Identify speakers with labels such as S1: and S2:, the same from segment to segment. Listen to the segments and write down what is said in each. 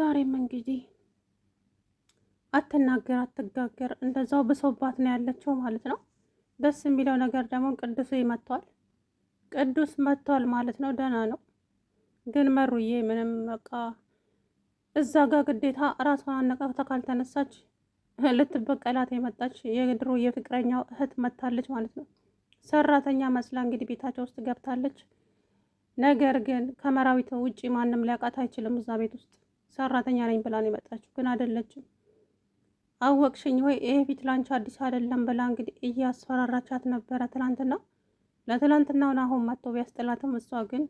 S1: ዛሬም እንግዲህ አትናገር አትጋገር እንደዛው ብሶባት ነው ያለችው ማለት ነው። ደስ የሚለው ነገር ደግሞ ቅዱስ መጥቷል። ቅዱስ መጥቷል ማለት ነው። ደህና ነው። ግን መሩዬ ምንም በቃ እዛ ጋር ግዴታ ራሷን አነቃፍታ ካልተነሳች ልትበቀላት የመጣች የድሮ የፍቅረኛው እህት መታለች ማለት ነው። ሰራተኛ መስላ እንግዲህ ቤታቸው ውስጥ ገብታለች። ነገር ግን ከመራዊት ውጭ ማንም ሊያውቃት አይችልም እዛ ቤት ውስጥ ሰራተኛ ነኝ ብላ ነው የመጣችው፣ ግን አይደለችም። አወቅሽኝ ወይ ይሄ ፊት ላንቺ አዲስ አይደለም ብላ እንግዲህ እያስፈራራቻት ነበረ ትላንትና። ለትላንትናውን አሁን መጥቶ ቢያስጥላትም እሷ ግን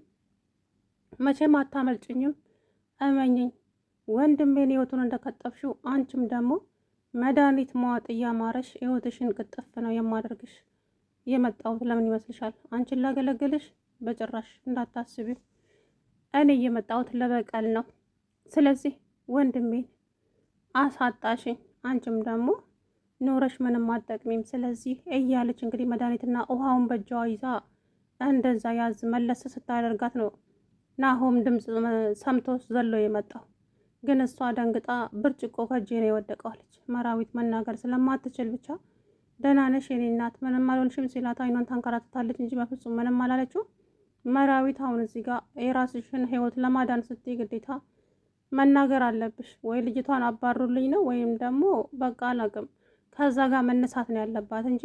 S1: መቼም አታመልጭኝም፣ እመኝኝ ወንድሜን ህይወቱን እንደቀጠፍሽው አንቺም ደግሞ መድኃኒት መዋጥ እያማረሽ ህይወትሽን ቅጥፍ ነው የማደርግሽ። የመጣሁት ለምን ይመስልሻል? አንቺን ላገለግልሽ በጭራሽ እንዳታስቢው። እኔ የመጣሁት ለበቀል ነው። ስለዚህ ወንድሜን አሳጣሽኝ፣ አንቺም ደግሞ ኖረሽ ምንም አጠቅሚም። ስለዚህ እያለች እንግዲህ መድኃኒትና ውሃውን በእጇ ይዛ እንደዛ ያዝ መለስ ስታደርጋት ነው ናሆም ድምፅ ሰምቶ ዘሎ የመጣው። ግን እሷ ደንግጣ ብርጭቆ ከእጄ ነው የወደቀዋለች። መራዊት መናገር ስለማትችል ብቻ ደህና ነሽ የኔ እናት ምንም አልሆንሽም ሲላት አይኗን ታንከራትታለች እንጂ በፍጹም ምንም አላለችው። መራዊት አሁን እዚህ ጋር የራስሽን ህይወት ለማዳን ስትይ ግዴታ መናገር አለብሽ። ወይ ልጅቷን አባሩልኝ ነው ወይም ደግሞ በቃ አላቅም ከዛ ጋር መነሳት ነው ያለባት እንጂ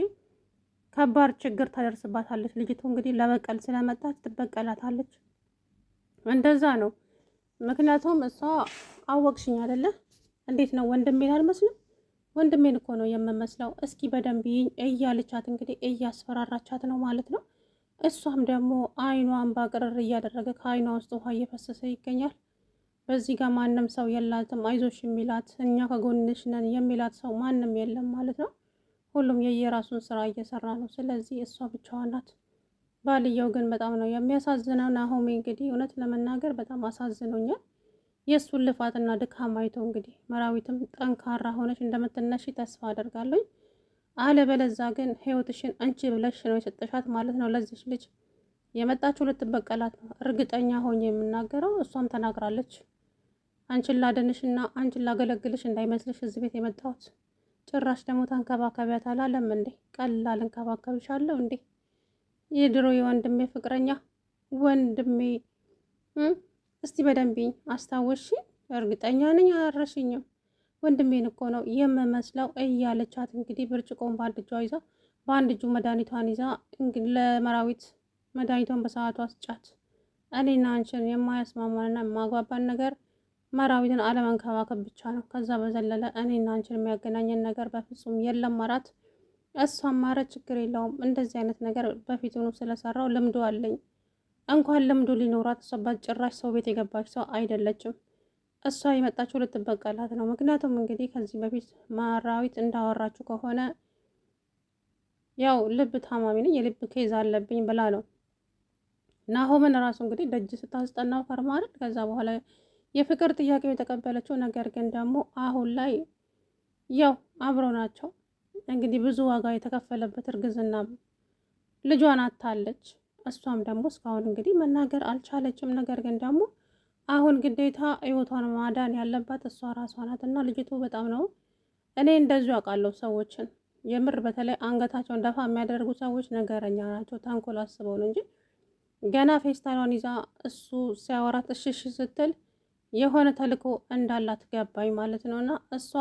S1: ከባድ ችግር ታደርስባታለች። ልጅቱ እንግዲህ ለበቀል ስለመጣች ትበቀላታለች። እንደዛ ነው። ምክንያቱም እሷ አወቅሽኝ አይደለ? እንዴት ነው ወንድሜን አልመስልም? ወንድሜን እኮ ነው የምመስለው። እስኪ በደንብ ይኝ እያለቻት እንግዲህ እያስፈራራቻት ነው ማለት ነው። እሷም ደግሞ አይኗን ባቅርር እያደረገ ከአይኗ ውስጥ ውሃ እየፈሰሰ ይገኛል። በዚህ ጋር ማንም ሰው የላትም አይዞሽ የሚላት እኛ ከጎንሽ ነን የሚላት ሰው ማንም የለም ማለት ነው። ሁሉም የየራሱን ስራ እየሰራ ነው። ስለዚህ እሷ ብቻዋ ናት። ባልየው ግን በጣም ነው የሚያሳዝነው። ናሆሚ እንግዲህ እውነት ለመናገር በጣም አሳዝኖኛል። የእሱን ልፋትና ድካም አይቶ እንግዲህ መራዊትም ጠንካራ ሆነች እንደምትነሺ ተስፋ አደርጋለኝ። አለበለዛ ግን ህይወትሽን አንቺ ብለሽ ነው የሰጠሻት ማለት ነው። ለዚች ልጅ የመጣችው ልትበቀላት ነው እርግጠኛ ሆኜ የምናገረው። እሷም ተናግራለች። አንቺን ላድንሽና አንቺን ላገለግልሽ እንዳይመስልሽ እዚህ ቤት የመጣሁት። ጭራሽ ደግሞ ተንከባከቢያት አላለም እንዴ? ቀላል እንከባከብሻለሁ እንዴ? የድሮ የወንድሜ ፍቅረኛ ወንድሜ፣ እስቲ በደንብኝ አስታወሽ። እርግጠኛ ነኝ አረሽኝም። ወንድሜን እኮ ነው የምመስለው እያለቻት እንግዲህ ብርጭቆን በአንድ እጇ ይዛ በአንድ እጁ መድኃኒቷን ይዛ ለመራዊት መድኃኒቷን በሰዓቱ አስጫት። እኔና አንቺን የማያስማማንና የማጓባን ነገር መራዊትን አለመንከባከብ ብቻ ነው። ከዛ በዘለለ እኔና አንቺን የሚያገናኘን ነገር በፍጹም የለም አላት። እሷም ማረ ችግር የለውም እንደዚህ አይነት ነገር በፊቱኑ ስለሰራው ልምዱ አለኝ። እንኳን ልምዱ ሊኖራት እሷ በጭራሽ ሰው ቤት የገባች ሰው አይደለችም። እሷ የመጣችው ልትበቀላት ነው። ምክንያቱም እንግዲህ ከዚህ በፊት መራዊት እንዳወራችሁ ከሆነ ያው ልብ ታማሚ ነኝ፣ የልብ ኬዝ አለብኝ ብላ ነው ናሆምን ራሱ እንግዲህ ደጅ ስታስጠናው ፈርማል። ከዛ በኋላ የፍቅር ጥያቄው የተቀበለችው ነገር ግን ደግሞ አሁን ላይ ያው አብረው ናቸው። እንግዲህ ብዙ ዋጋ የተከፈለበት እርግዝና ልጇን አታለች። እሷም ደግሞ እስካሁን እንግዲህ መናገር አልቻለችም። ነገር ግን ደግሞ አሁን ግዴታ ህይወቷን ማዳን ያለባት እሷ ራሷ ናት እና ልጅቱ በጣም ነው እኔ እንደዚሁ አውቃለሁ ሰዎችን የምር በተለይ አንገታቸውን ደፋ የሚያደርጉ ሰዎች ነገረኛ ናቸው። ተንኮል አስበው ነው እንጂ ገና ፌስታሏን ይዛ እሱ ሲያወራት እሽሽ ስትል የሆነ ተልእኮ እንዳላት ገባኝ ማለት ነው። እና እሷ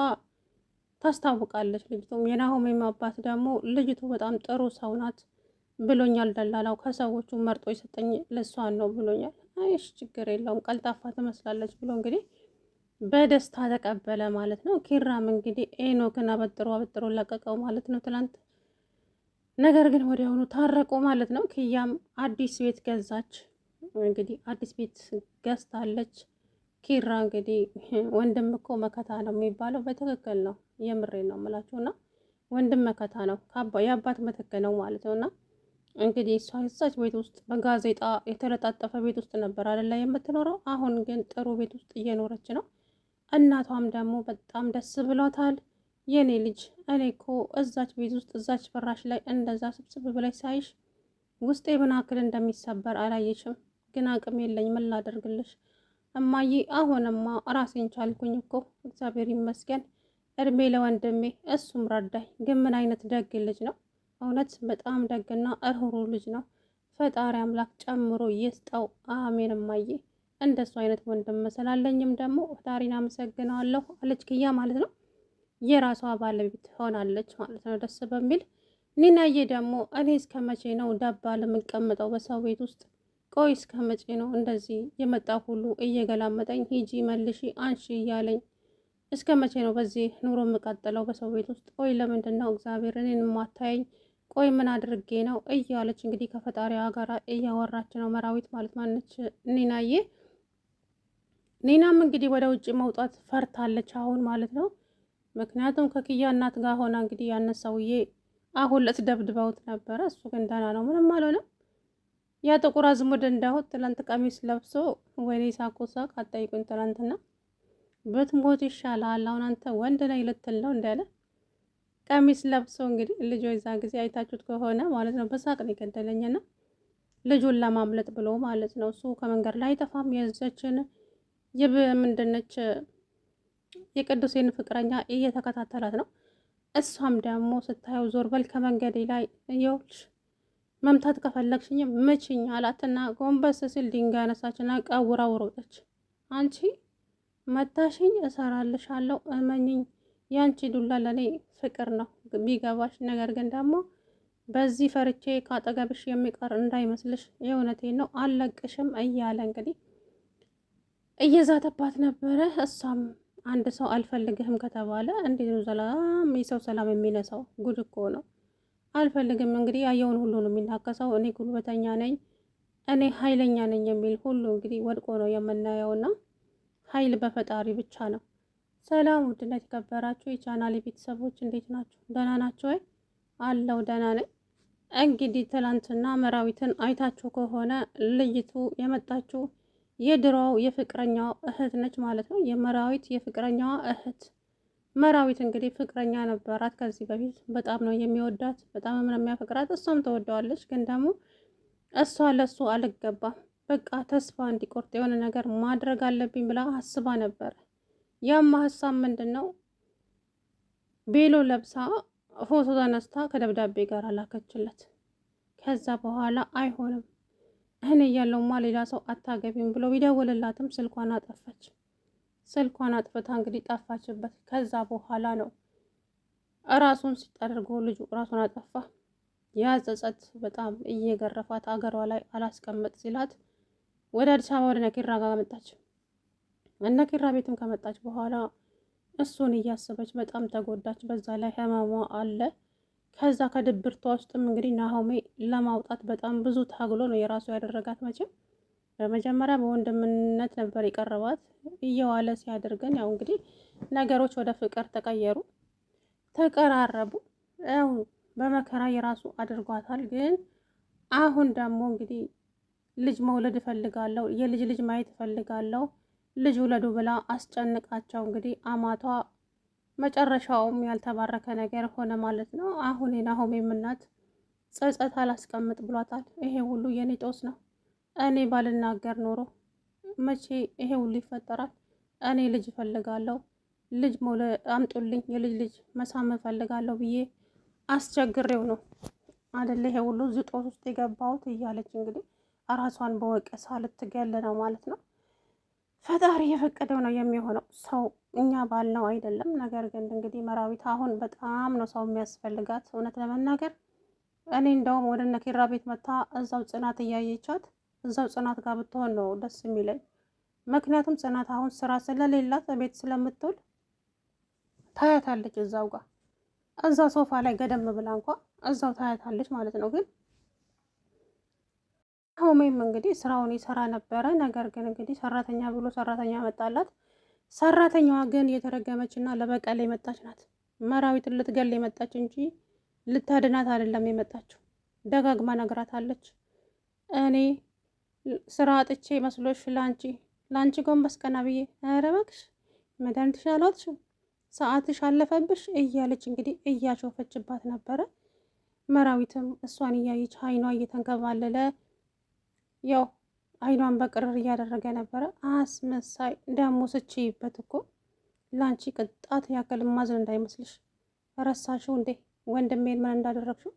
S1: ታስታውቃለች። ልጅቱም የናሆሜም አባት ደግሞ ልጅቱ በጣም ጥሩ ሰው ናት ብሎኛል። ደላላው ከሰዎቹ መርጦ የሰጠኝ ልሷን ነው ብሎኛል። አይሽ ችግር የለውም ቀልጣፋ ትመስላለች ብሎ እንግዲህ በደስታ ተቀበለ ማለት ነው። ኪራም እንግዲህ ኤኖክን አበጥሮ አበጥሮ ለቀቀው ማለት ነው ትላንት። ነገር ግን ወዲያውኑ ታረቁ ማለት ነው። ክያም አዲስ ቤት ገዛች እንግዲህ አዲስ ቤት ገዝታለች። ኪራ እንግዲህ ወንድም እኮ መከታ ነው የሚባለው በትክክል ነው። የምሬ ነው የምላችሁ እና ወንድም መከታ ነው የአባት ምትክ ነው ማለት ነው። እና እንግዲህ እሷ እዛች ቤት ውስጥ በጋዜጣ የተለጣጠፈ ቤት ውስጥ ነበር አይደል የምትኖረው። አሁን ግን ጥሩ ቤት ውስጥ እየኖረች ነው። እናቷም ደግሞ በጣም ደስ ብሏታል። የኔ ልጅ እኔ እኮ እዛች ቤት ውስጥ እዛች ፍራሽ ላይ እንደዛ ስብስብ ብለሽ ሳይሽ ውስጤ ምን አክል እንደሚሰበር አላየሽም። ግን አቅም የለኝ ምን ላደርግልሽ እማዬ አሁንማ ራሴን ቻልኩኝ እኮ እግዚአብሔር ይመስገን። እድሜ ለወንድሜ እሱም ረዳኝ። ግን ምን አይነት ደግ ልጅ ነው! እውነት በጣም ደግና እርህሩ ልጅ ነው። ፈጣሪ አምላክ ጨምሮ ይስጠው። አሜን እማዬ። እንደሱ አይነት ወንድም መሰላለኝም ደግሞ ፈጣሪን አመሰግነዋለሁ አለች ክያ ማለት ነው። የራሷ ባለቤት ሆናለች ማለት ነው። ደስ በሚል ኒናዬ ደግሞ እኔ እስከ መቼ ነው ደባ ለምቀምጠው በሰው ቤት ውስጥ ቆይ እስከ መቼ ነው እንደዚህ የመጣ ሁሉ እየገላመጠኝ ሂጂ መልሺ አንሺ እያለኝ እስከ መቼ ነው በዚህ ኑሮ የምቀጥለው በሰው ቤት ውስጥ? ቆይ ለምንድን ነው እግዚአብሔር እኔን የማታየኝ? ቆይ ምን አድርጌ ነው እያለች እንግዲህ ከፈጣሪዋ ጋር እያወራች ነው መራዊት ማለት ማነች ኒናዬ። ኒናም እንግዲህ ወደ ውጭ መውጣት ፈርታለች አሁን ማለት ነው። ምክንያቱም ከክያ እናት ጋር ሆና እንግዲህ ያነሳውዬ ሰውዬ አሁን ለት ደብድበውት ነበረ። እሱ ግን ደህና ነው፣ ምንም አልሆነም። ያ ጥቁር አዝሙድ እንዳሁት ትላንት ቀሚስ ለብሶ ወይኔ ሳኮ ሳቅ አጠይቁኝ። ትላንትና ብትሞት ይሻላል አሁን አንተ ወንድ ላይ ልትል ነው እንዳለ ቀሚስ ለብሶ እንግዲህ ልጆ የዛ ጊዜ አይታችሁት ከሆነ ማለት ነው በሳቅ ነው የገደለኝና ልጁን ለማምለጥ ብሎ ማለት ነው እሱ ከመንገድ ላይ አይጠፋም። የዘችን ይብ ምንድነች የቅዱሴን ፍቅረኛ እየተከታተላት ነው። እሷም ደግሞ ስታየው ዞር በል ከመንገዴ ላይ እየውልሽ መምታት ከፈለግሽኝ ምችኝ አላትና ጎንበስ ሲል ድንጋይ አነሳችና ቀውራ ወሮጠች። አንቺ መታሽኝ እሰራልሻለሁ፣ እመኝኝ፣ ያንቺ ዱላ ለኔ ፍቅር ነው ቢገባሽ። ነገር ግን ደግሞ በዚህ ፈርቼ ካጠገብሽ የሚቀር እንዳይመስልሽ፣ የእውነቴ ነው አልለቅሽም እያለ እንግዲህ እየዛተባት ነበረ። እሷም አንድ ሰው አልፈልግህም ከተባለ እንዴት ነው ሰላም የሰው ሰላም የሚነሳው? ጉድ እኮ ነው። አልፈልግም እንግዲህ ያየውን ሁሉ ነው የሚናከሰው። እኔ ጉልበተኛ ነኝ፣ እኔ ኃይለኛ ነኝ የሚል ሁሉ እንግዲህ ወድቆ ነው የምናየውና ኃይል በፈጣሪ ብቻ ነው። ሰላም ውድነት የተከበራችሁ የቻናል ቤተሰቦች እንዴት ናችሁ? ደህና ናችሁ ወይ? አለው ደህና ነኝ። እንግዲህ ትላንትና መራዊትን አይታችሁ ከሆነ ልይቱ የመጣችው የድሮው የፍቅረኛዋ እህት ነች ማለት ነው። የመራዊት የፍቅረኛዋ እህት መራዊት እንግዲህ ፍቅረኛ ነበራት ከዚህ በፊት በጣም ነው የሚወዳት፣ በጣም ምን የሚያፈቅራት። እሷም ተወደዋለች፣ ግን ደግሞ እሷ ለእሱ አልገባም። በቃ ተስፋ እንዲቆርጥ የሆነ ነገር ማድረግ አለብኝ ብላ አስባ ነበረ። ያማ ሀሳብ ምንድን ነው? ቤሎ ለብሳ ፎቶ ተነስታ ከደብዳቤ ጋር አላከችለት። ከዛ በኋላ አይሆንም እኔ እያለሁማ ሌላ ሰው አታገቢም ብሎ ቢደውልላትም ስልኳን አጠፋች። ስልኳን አጥፍታ እንግዲህ ጠፋችበት። ከዛ በኋላ ነው እራሱን ሲጠደርጎ ልጁ እራሱን አጠፋ። ያ ጸጸት በጣም እየገረፋት አገሯ ላይ አላስቀመጥ ሲላት ወደ አዲስ አበባ ወደ ነኪራ ጋር መጣች። እነኪራ ቤትም ከመጣች በኋላ እሱን እያሰበች በጣም ተጎዳች። በዛ ላይ ህመሟ አለ። ከዛ ከድብርቷ ውስጥም እንግዲህ ናሆሜ ለማውጣት በጣም ብዙ ታግሎ ነው የራሱ ያደረጋት መቼም በመጀመሪያ በወንድምነት ነበር የቀረባት። እየዋለ ሲያደርገን ያው እንግዲህ ነገሮች ወደ ፍቅር ተቀየሩ፣ ተቀራረቡ። ያው በመከራ የራሱ አድርጓታል። ግን አሁን ደግሞ እንግዲህ ልጅ መውለድ እፈልጋለሁ፣ የልጅ ልጅ ማየት እፈልጋለሁ፣ ልጅ ውለዱ ብላ አስጨንቃቸው እንግዲህ አማቷ መጨረሻውም ያልተባረከ ነገር ሆነ ማለት ነው። አሁን የናሆሜ እናት ጸጸት አላስቀምጥ ብሏታል። ይሄ ሁሉ የኔ ጦስ ነው እኔ ባልናገር ኖሮ መቼ ይሄ ሁሉ ይፈጠራል? እኔ ልጅ እፈልጋለሁ፣ ልጅ አምጡልኝ፣ የልጅ ልጅ መሳም እፈልጋለሁ ብዬ አስቸግሬው ነው አደለ ይሄ ሁሉ ዝጦት ውስጥ የገባሁት እያለች እንግዲህ እራሷን በወቀሳ ልትገል ነው ማለት ነው። ፈጣሪ የፈቀደው ነው የሚሆነው። ሰው እኛ ባልነው አይደለም። ነገር ግን እንግዲህ መራዊት አሁን በጣም ነው ሰው የሚያስፈልጋት። እውነት ለመናገር እኔ እንደውም ወደ ኪራ ቤት መታ እዛው ጽናት እያየቻት እዛው ጽናት ጋር ብትሆን ነው ደስ የሚለኝ። ምክንያቱም ጽናት አሁን ስራ ስለሌላት ቤት ስለምትውል ታያታለች እዛው ጋር እዛ ሶፋ ላይ ገደም ብላ እንኳ እዛው ታያታለች ማለት ነው። ግን ሆሜም እንግዲህ ስራውን ይሰራ ነበረ። ነገር ግን እንግዲህ ሰራተኛ ብሎ ሰራተኛ መጣላት። ሰራተኛዋ ግን የተረገመች እና ለበቀል የመጣች ናት። መራዊትን ልትገል የመጣች እንጂ ልታድናት አይደለም የመጣችው። ደጋግማ ነግራታለች እኔ ስራ አጥቼ መስሎሽ ላንቺ ላንቺ ጎንበስ ቀና ብዬ ኧረ እባክሽ መድኃኒትሽ አልዋጥሽም ሰዓትሽ አለፈብሽ እያለች እንግዲህ እያሾፈችባት ነበረ። መራዊትም እሷን እያየች አይኗ እየተንከባለለ ያው አይኗን በቅርር እያደረገ ነበረ። አስመሳይ ደግሞ ስችይበት እኮ ላንቺ ቅጣት ያክል ማዝን እንዳይመስልሽ። ረሳሽው እንዴ ወንድሜን ምን እንዳደረግሽው?